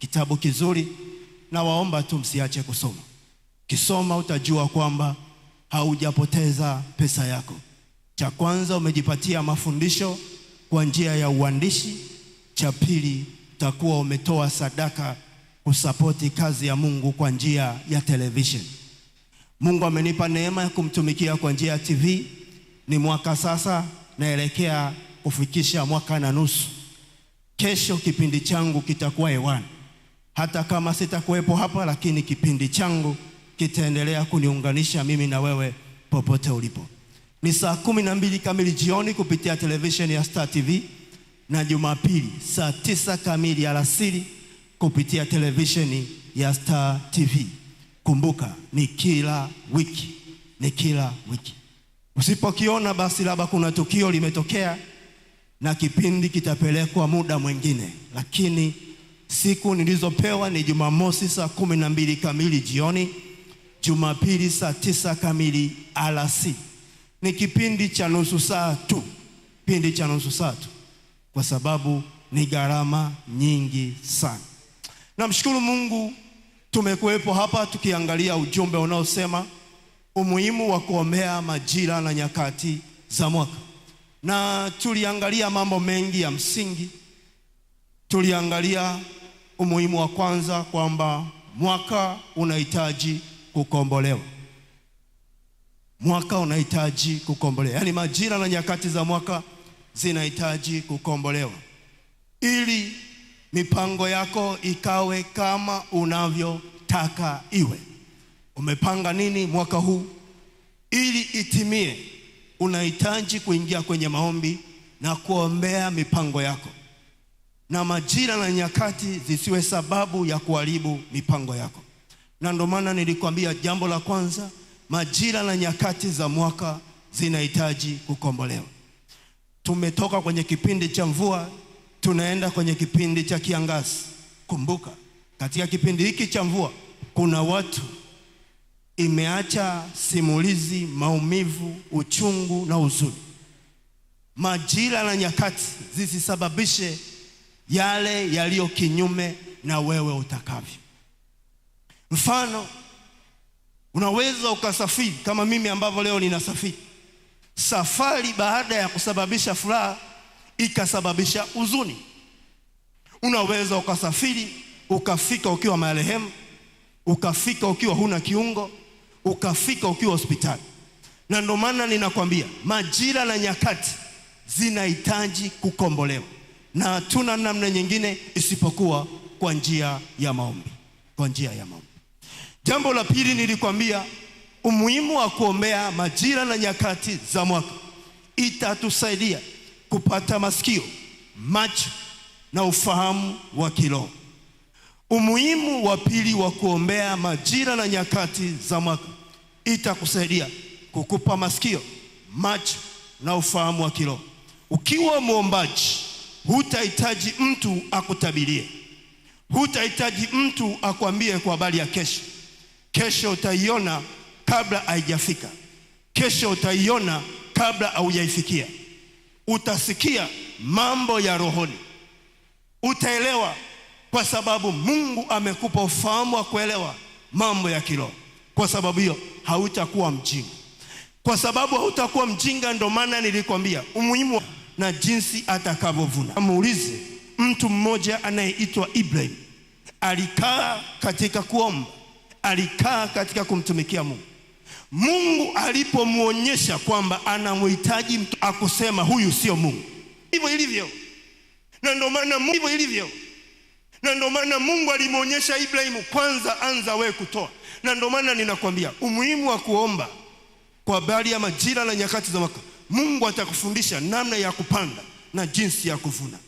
kitabu kizuri, na waomba tu msiache kusoma. Kisoma utajua kwamba haujapoteza pesa yako. Cha kwanza umejipatia mafundisho kwa njia ya uandishi. Cha pili utakuwa umetoa sadaka kusapoti kazi ya Mungu kwa njia ya television. Mungu amenipa neema ya kumtumikia kwa njia ya TV. Ni mwaka sasa naelekea kufikisha mwaka na nusu. Kesho kipindi changu kitakuwa hewani hata kama sitakuwepo hapa, lakini kipindi changu kitaendelea kuniunganisha mimi na wewe popote ulipo. Ni saa kumi na mbili kamili jioni kupitia televisheni ya Star TV na Jumapili saa tisa kamili alasiri kupitia televisheni ya Star TV. Kumbuka, ni kila wiki, ni kila wiki. Usipokiona basi labda kuna tukio limetokea na kipindi kitapelekwa muda mwingine, lakini Siku nilizopewa ni Jumamosi saa kumi na mbili kamili jioni, Jumapili saa tisa kamili alasi. Ni kipindi cha nusu saa tu, kipindi cha nusu saa tu, kwa sababu ni gharama nyingi sana. Namshukuru Mungu tumekuwepo hapa tukiangalia ujumbe unaosema umuhimu wa kuombea majira na nyakati za mwaka, na tuliangalia mambo mengi ya msingi, tuliangalia umuhimu wa kwanza kwamba mwaka unahitaji kukombolewa, mwaka unahitaji kukombolewa, yaani majira na nyakati za mwaka zinahitaji kukombolewa ili mipango yako ikawe kama unavyotaka iwe. Umepanga nini mwaka huu ili itimie? Unahitaji kuingia kwenye maombi na kuombea mipango yako na majira na nyakati zisiwe sababu ya kuharibu mipango yako. Na ndio maana nilikwambia jambo la kwanza, majira na nyakati za mwaka zinahitaji kukombolewa. Tumetoka kwenye kipindi cha mvua, tunaenda kwenye kipindi cha kiangazi. Kumbuka, katika kipindi hiki cha mvua kuna watu imeacha simulizi, maumivu, uchungu na huzuni. Majira na nyakati zisisababishe yale yaliyo kinyume na wewe utakavyo. Mfano, unaweza ukasafiri kama mimi ambavyo leo ninasafiri. Safari baada ya kusababisha furaha ikasababisha huzuni. Unaweza ukasafiri ukafika ukiwa marehemu, ukafika ukiwa huna kiungo, ukafika ukiwa hospitali. Na ndio maana ninakwambia majira na nyakati zinahitaji kukombolewa na hatuna namna nyingine isipokuwa kwa njia ya maombi, kwa njia ya maombi. Jambo la pili nilikwambia umuhimu wa kuombea majira na nyakati za mwaka, itatusaidia kupata masikio, macho na ufahamu wa kiroho. Umuhimu wa pili wa kuombea majira na nyakati za mwaka, itakusaidia kukupa masikio, macho na ufahamu wa kiroho. Ukiwa mwombaji Hutahitaji mtu akutabirie, hutahitaji mtu akwambie kwa habari ya kesho. Kesho utaiona kabla haijafika, kesho utaiona kabla haujaifikia. Utasikia mambo ya rohoni, utaelewa, kwa sababu Mungu amekupa ufahamu wa kuelewa mambo ya kiroho. Kwa sababu hiyo hautakuwa mjinga, kwa sababu hautakuwa mjinga. Ndio maana nilikwambia umuhimu na jinsi atakavyovuna. Muulize mtu mmoja anayeitwa Ibrahim, alikaa katika kuomba, alikaa katika kumtumikia Mungu. Mungu alipomwonyesha kwamba anamhitaji mtu, akusema huyu sio Mungu. Hivyo ilivyo, na ndio maana hivyo ilivyo, na ndio maana Mungu alimwonyesha Ibrahimu, kwanza anza we kutoa. Na ndio maana ninakwambia umuhimu wa kuomba kwa habari ya majira na nyakati za mwaka. Mungu atakufundisha namna ya kupanda na jinsi ya kuvuna.